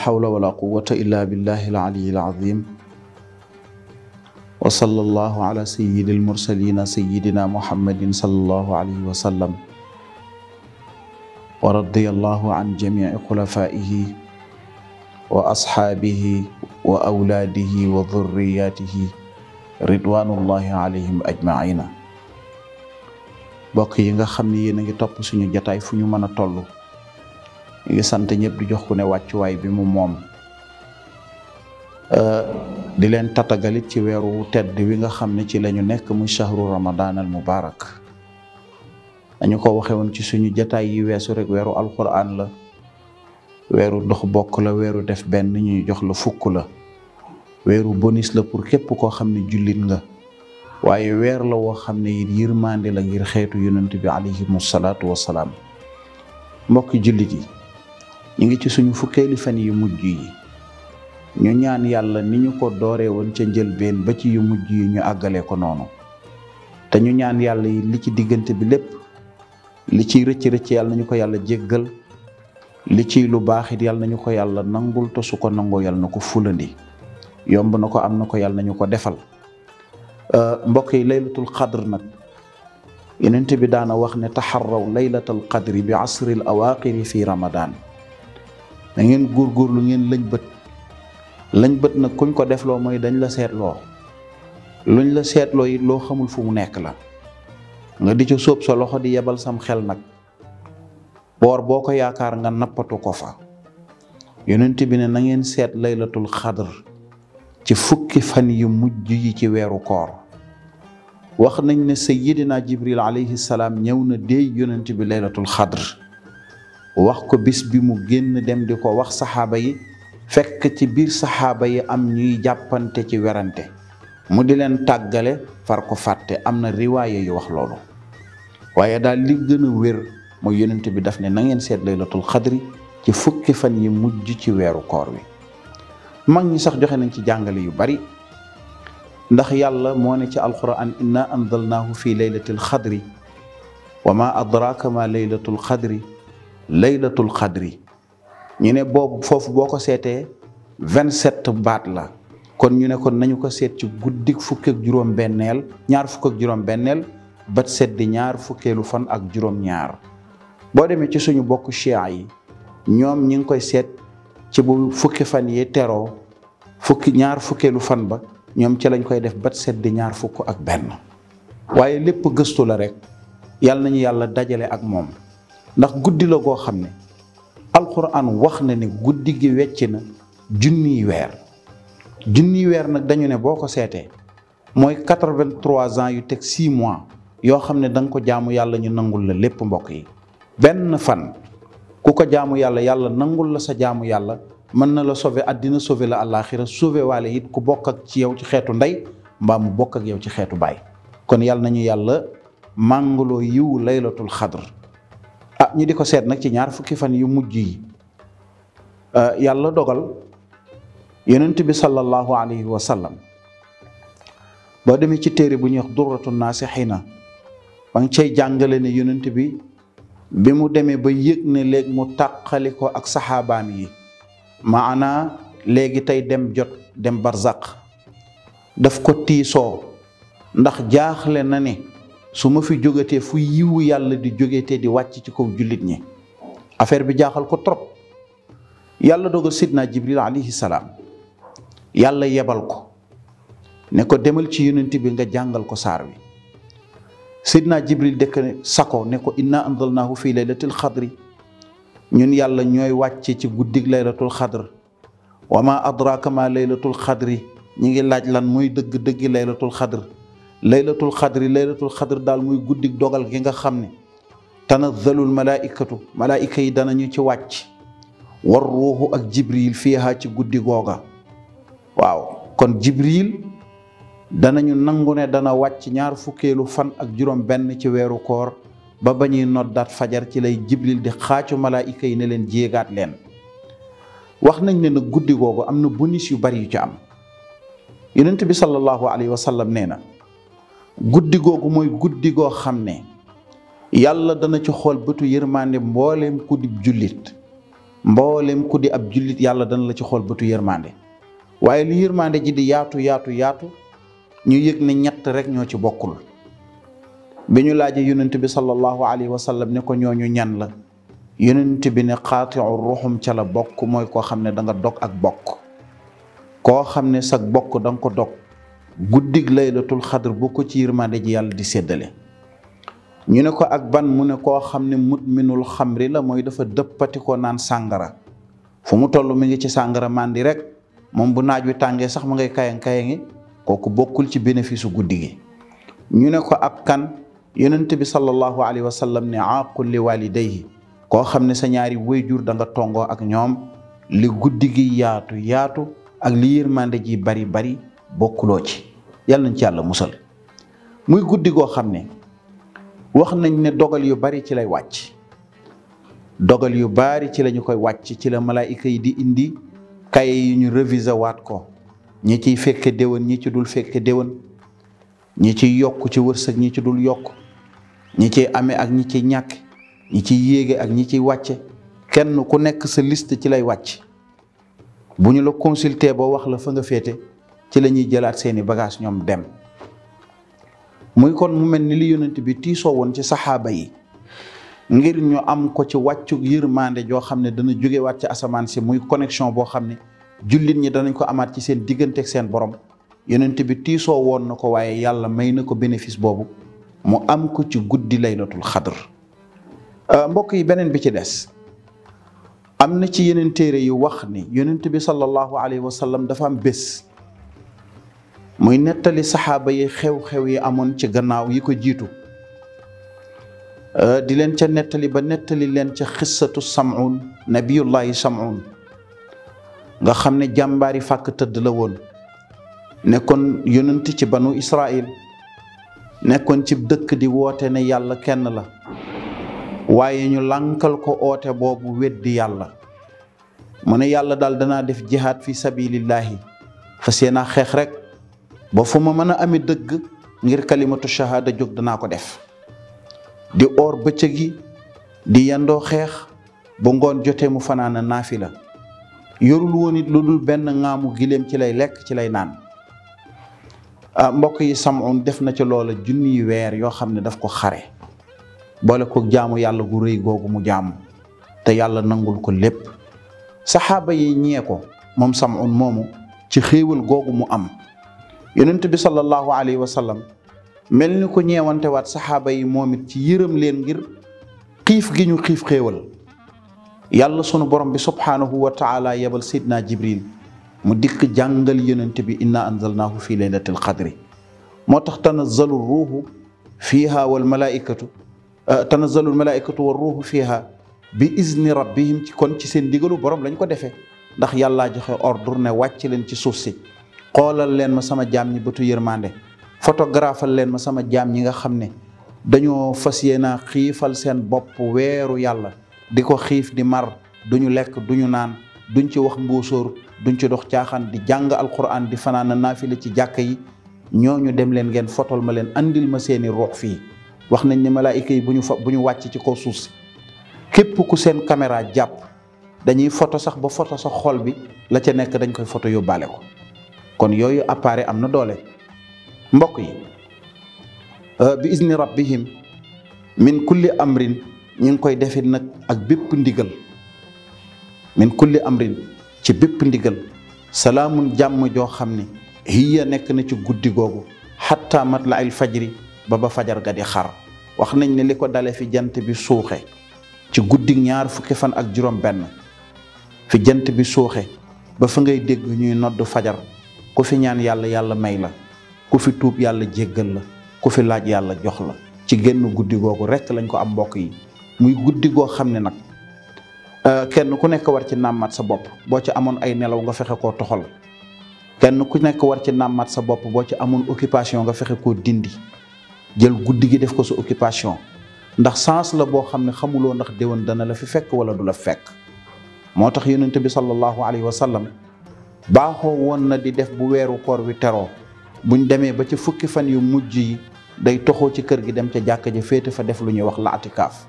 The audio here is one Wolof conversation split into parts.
xawla wala quwwata illa billahi al-aliyyil azim wa sallallahu ala sayyidil mursalina sayyidina muhammadin sallallahu alayhi wa sallam wa radiyallahu an jami'i xulafaihi wa asxaabihi wa awlaadihi wa durriyatihi ridwanullahi alayhim ajmaina bokk yi nga xam ne yéen a ngi topp suñu jataay fu ñu mën a toll ñu ngi sant ñëpp di jox ku ne wàccuwaay bi mu moom euh, di leen tatagalit ci weeru tedd wi nga xam ne ci lañu nekk muy shahru ramadan al mubarak dañu ko waxe woon ci suñu jataay yi weesu rek weeru alquran la weeru dox bokk la weeru def benn ñuy jox la fukk la weeru bonus la pour képp koo xam ne jullit nga waaye weer la woo xam ne it yërmande la ngir xeetu yonent bi alayhimu salaatu wasalaam mbokki jullit yi ñu ngi ci suñu fukkeeli fan yu mujj yi ñu ñaan yàlla ni ñu ko doorewoon ca njëlbeen ba ci yu mujj yi ñu àggale ko noonu te ñu ñaan yàlla yi li ci diggante bi lépp li ciy rëcc rëcc yàlla nañu ko yàlla jéggal li ciy lu baax it yàlla nañu ko yàlla nangul tosu ko nangoo yàlla na ko fulandi yomb na ko am na ko yàlla nañu ko defal euh, mbokk yi laylatul qadr nag yenent bi daana wax ne taxarraw laylatal qadri bi asril awaaqiri fi ramadan da ngeen góorgóorlu ngeen lañ bët lañ bët nag kuñ ko defloo mooy dañ la seetloo luñ la seetloo it loo xamul fu mu nekk la nga di ca soob sa loxo di yebal sam xel nag boor boo ko yaakaar nga nappatu ko fa yonent bi ne na ngeen seet laylatul xadr ci fukki fan yu mujj yi ci weeru koor wax nañ ne sayyidina jibril alayhi salaam ñëw na déey yonent bi laylatul xadr wax ko bis bi mu génn dem di ko wax saxaaba yi fekk ci biir saxaaba yi am ñuy jàppante ci werante mu di leen tàggale far ko fàtte am na riwaaye yu wax loolu waaye daal di gën a wér mooy yonent bi daf ne na ngeen seet laylatul xadri ci fukki fan yi mujj ci weeru koor wi mag ñi sax joxe nañ ci jàngale yu bari ndax yàlla moo ne ci alquran inna anzalnaahu fi laylatil xadri wa ma laylatul xadri laylatul xadri ñu ne boobu foofu boo ko seetee vingt sept baat la kon ñu ne kon nañu ko seet ci guddik fukki ak juróom benneel ñaar fukk ak juróom bat sedd di ñaar fukkeelu fan ak juróom ñaar boo demee ci suñu bokk chia yi ñoom ñi ngi koy seet ci bu fukki fan yi teroo fukki ñaar fukkeelu fan ba ñoom ci lañ koy def bat seet di ñaar fukk ak benn waaye lépp gëstu la rek yàlla nañu yàlla dajale ak moom ndax guddi la goo xam ne alxuraan wax na ne guddi gi wecc na junniy weer junniy weer nag dañu ne boo ko seetee mooy quatre vingt ans yu teg six mois yoo xam ne danga ko jaamu yàlla ñu nangul la lépp mbokk yi benn fan ku ko jaamu yàlla yàlla nangul la sa jaamu yàlla mën na la sauver àddina sove la àllaaxira sauver waale it ku bokk ak ci yow ci xeetu ndey mbaa mu bokk ak yow ci xeetu baay kon yàlla nañu yàlla màngaloo yiw laylatul xadr ah ñu di ko seet nag ci ñaar fukki fan yu mujj yi ah, yàlla dogal yonent bi sallallahu alayhi wa sallam boo demee ci téere bu ñuy wax durratu naasixina ba nga cay jàngale ne yonent bi bi mu demee ba yëg ne léeg mu tàqali ko ak saxaabaam yi maanaa léegi tey dem jot dem barzaq daf ko tiisoo ndax jaaxle na ne su ma fi jógatee fu yiwu yàlla di jógetee di wàcc ci kaw jullit ñi affaire bi jaaxal ko trop yàlla doog a sidna jibril alayhi salaam yàlla yebal ko ne ko demal ci yonent bi nga jàngal ko saar wi sidna jibril dekk sako ne ko inna anzalnaahu fii laylatil xadri ñun yàlla ñooy wàcce ci guddig laylatul xadr wa ma adraka laylatul xadri ñi ngi laaj lan mooy dëgg dëggi laylatul xadr laylatul xadri laylatul xadri daal muy guddi dogal gi nga xam ne tanazzalul malaaikatu malaayika yi danañu ci wàcc war ruuxu ak jibril fiiha ci guddi googa waaw kon jibril danañu nangu ne dana wàcc ñaar fukkeelu fan ak juróom benn ci weeru koor ba bañuy noddaat fajar ci lay jibril di xaacu malaayika yi ne leen jéegaat leen wax nañ ne na guddi googu am na bonus yu bari yu ci am yonent bi sallallahu alayhi wa nee na guddi googu mooy guddi goo xam ne yàlla dana ci xool bëtu yërmande mboolem ku di jullit mbooleem ku di ab jullit yàlla dana la ci xool bëtu yërmande waaye lu yërmande ji di yaatu yaatu yaatu ñu yëg ne ñett rek ñoo ci bokkul bi ñu laajee yonent bi sallallahu alayhi wa sallam ne ko ñooñu ñan la yonent bi ne xaatiu ruxum ca la bokk mooy koo xam ne danga dog ak bokk koo xam ne sag bokk danga ko dog guddig laylatul xadr boo ko ci yërmande yàlla di séddale ñu ne ko ak ban mu ne koo xam ne mudminul xamri la mooy dafa dëppati ko naan sàngara fu mu toll mi ngi ci sàngara màndi rek moom bu naaj wi tàngee sax mu ngay kayang kayangi kooku bokkul ci bénéfice guddi gi ñu ne ko ak kan yonent bi sallallahu alayhi wa sallam ne aqul li walidayhi koo xam ne sa ñaari wayjur da tongoo ak ñoom li guddi gi yaatu yaatu ak li yërmande ji bari bari bokkuloo ci yàlla nañ ci yàlla musal muy guddi goo xam ne wax nañ ne dogal yu bari ci lay wàcc dogal yu bari ci lañu koy wàcc ci la malaayika yi di indi kaye yi ñu réviser waat ko ñi ciy fekke déwén ñi ci dul fekke déwén ñi ciy yokk ci wërsëg ñi ci dul yokk ñi ciy amee ak ñi ciy ñàkk ñi ciy yéege ak ñi ciy wàcce kenn ku nekk sa list ci lay wàcc bu ñu la consulter ba wax la fa nga féete ci lañuy jëlaat seeni bagage ñoom dem muy kon mu mel ni li yonent bi tiisoo woon ci saxaaba yi ngir ñu am ko ci wàccu yërmande joo xam ne dana jógewaat ci asamaan si muy connexion boo xam ne jullit ñi danañ ko amaat ci seen diggante ak seen borom yonent bi tiisoo woon na ko waaye yàlla may na ko bénéfice boobu mu am ko ci guddi lay laylatul xadr euh, mbokk yi beneen bi ci des am na ci yeneen téere yu wax ni yonent bi sallallahu alayhi wa dafa am bés muy nettali saxaaba yi xew-xew yi amoon ci gannaaw yi ko jiitu euh, di leen ca nettali ba nettali leen ca xissatu samun nabiyullahi samun nga xam ne jàmbaari fàkk tëdd la woon nekkoon yonent ci banu Israil nekkoon ci dëkk di woote ne yàlla kenn la waaye ñu lànkal ko oote boobu weddi yàlla mu ne yàlla daal danaa def jihaad fi sabilillahi fas yéenaa xeex rek ba fu ma mën a amee dëgg ngir kalimatu shahada jóg danaa ko def di oor bëccëg di yendoo xeex bu ngoon jotee mu fanaana naafi la yorul woon it lu dul benn ŋaamu gileem ci lay lekk ci lay naan ah, mbokk yi samoon def na ci loola junniy weer yoo xam ne daf ko xare boole ko jaamu yàlla gu rëy googu mu jaamu te yàlla nangul ko lépp saxaaba yi ñee ko moom samoon moomu ci xéewal googu mu am yonent bi sallallahu alayhi wa sallam mel ni ko ñeewante waat saxaaba yi moom it ci yërëm leen ngir xiif gi ñu xiif xéewal yàlla sunu borom bi subhaanahu wa taala yebal seydna jibril mu dikk jàngal yonent bi inna anzalnaahu fi laylatil qadri moo tax tanazzalu ruuhu fiiha wal malaaikatu eh, tanazzalu al malaaikatu war ruuhu fiiha bi izni rabbihim ci kon ci seen digalu borom lañu ko defee ndax yàllaa joxe ordre ne wàcc leen ci suuf si xoolal leen ma sama jaam ñi bëtu yërmande photographeal leen ma sama jaam ñi nga xam ne dañoo fas yéena xiifal seen bopp weeru yàlla di ko xiif di mar duñu lekk duñu naan duñ ci wax mbuusóor duñ ci dox caaxaan di jàng alquran di fanaan naafila ci jàkk yi ñoo ñu dem leen ngeen fotol ma leen indil ma seeni ruux fii wax nañ ne malaayika yi bu ñu fa bu ñu wàcc ci ko suuf si képp ku seen caméra jàpp dañuy foto sax ba foto sax xol bi la ca nekk dañ koy foto yóbbaale kon yooyu appareil am na doole mbokk yi euh, bi izni rabbihim min kulli amrin ñu ngi koy defit nag ak bépp ndigal min kulli amrin ci bépp ndigal salaamun jàmm joo xam ne hiya nekk na ci guddi googu xatta la ay fajri ba ba fajar ga di xar wax nañ ne li ko dale fi jant bi suuxe ci guddi ñaar fukki fan ak juróom benn fi jant bi suuxe ba fa ngay dégg ñuy nodd fajar ku fi ñaan yàlla yàlla may la ku fi tuub yàlla jéggal la ku fi laaj yàlla jox la ci génn guddi googu rekk lañ ko am mbokk yi muy guddi goo xam ne nag euh, kenn ku nekk war ci nàmmaat sa bopp boo ci amoon ay nelaw nga fexe koo toxal kenn ku nekk war ci nàmmaat sa bopp boo ci amoon occupation nga fexe koo dindi jël guddi gi def ko sa occupation ndax sens la boo xam ne xamuloo ndax déwén dana la fi fekk wala du la fekk moo tax yonent bi sallallahu alayhi wa baaxoo woon na di def bu weeru koor wi teroo buñ demee ba ci fukki fan yu mujj yi day toxoo ci kër gi dem ca jàkka ja féete fa def lu ñuy wax la atikaaf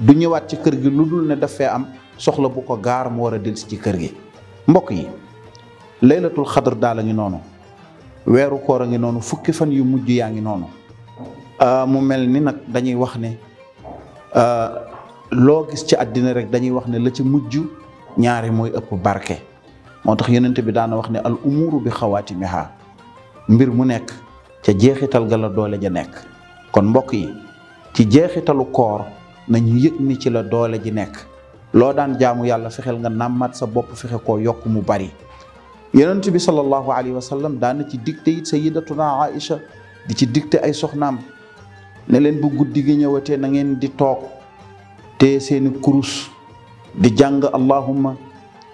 du ñëwaat ci kër gi lu dul ne daf fee am soxla bu ko gaar mu war a delsi ci kër gi mbokk yi laylatul xadar daal a ngi noonu weeru koor a ngi noonu fukki fan yu mujj yaa ngi noonu ah, mu mel ni nag dañuy wax ne ah, loo gis ci àddina rek dañuy wax ne la ci mujj ñaari mooy ëpp barke moo tax yonent bi daana wax ne al umuru bi xawaatimiha mbir mu nekk ca jeexital ga la doole ja nekk kon mbokk yi ci jeexitalu koor nañu yëg ni ci la doole ji nekk loo daan jaamu yàlla fexeel nga nàmmaat sa bopp fexe koo yokk mu bari yonent bi sallallahu alayhi wa sallam daana ci digte it sayyidatuna Aïcha di ci digte ay soxnaam ne leen bu guddi gi ñëwatee na ngeen di toog te seeni kurus di jàng allahumma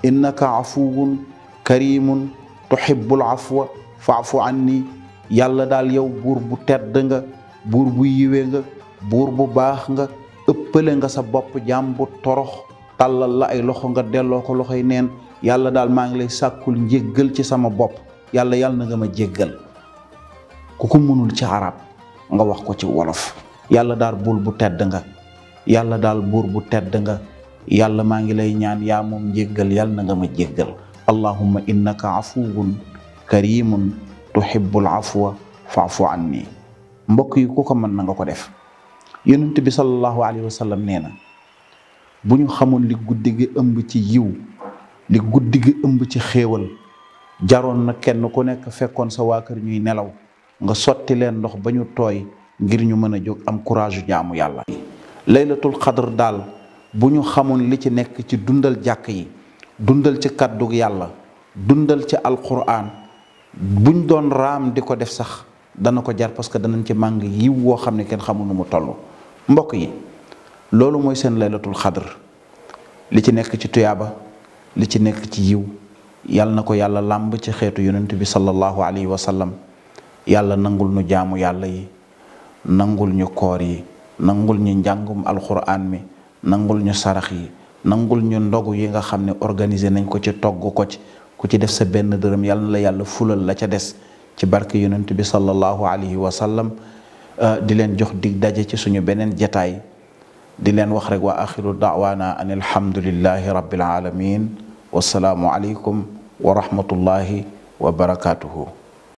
innaka afuwun karimun tuhibbul afwa faafu anni yàlla daal yow buur bu tedd nga buur bu yiwe nga buur bu baax nga ëppale nga sa bopp jaam bu torox tàllal la ay loxo nga delloo ko loxo yi neen yàlla daal maa ngi lay sàkkul njéggal ci sama bopp yàlla yàlla na nga ma jéggal ku ko mënul ci arab nga wax ko ci wolof yàlla daal buur bu tedd nga yàlla daal buur bu tedd nga yàlla maa ngi lay ñaan yaa moom njéggal yàlla na nga ma jéggal allahumma innaka afuwun karimun tuhibbul afwa faafu anni mbokk yi ku ko mën na nga ko def yonent bi sallallahu alayhi wa sallam nee na bu ñu xamoon li guddi gi ëmb ci yiw li guddi gi ëmb ci xéewal jaroon na kenn ku nekk fekkoon sa waa kër ñuy nelaw nga sotti leen ndox ba ñu tooy ngir ñu mën a jóg am courage jaamu yàlla laylatul xadr daal bu ñu xamoon li ci nekk ci dundal jàkk yi dundal ci kàddu yàlla dundal ci alquran buñ doon raam di ko def sax dana ko jar parce que danañ ci màng yiw woo xam ne kenn xamul nu mu tollu mbokk yi loolu mooy seen laylatul xadr li ci nekk ci tuyaaba li ci nekk ci yiw yàlla na ko yàlla làmb ci xeetu yonent bi sallallahu alayhi wa sallam yàlla nangul nu jaamu yàlla yi nangul ñu koor yi nangul ñu njàngum alquran mi nangul ñu sarax yi nangul ñu ndogu yi nga xam ne organiser nañ ko ci togg ko ci ku ci def sa benn dërëm yàlla na la yàlla fulal la ca des ci barke yonent bi sallallahu alayhi wa sallam euh, di leen jox dig daje ci suñu beneen jataay di leen wax rek waa axiru daawaana an alhamdulillahi rabbil wa wasalaamu aleykum wa rahmatullahi wa barakaatuhu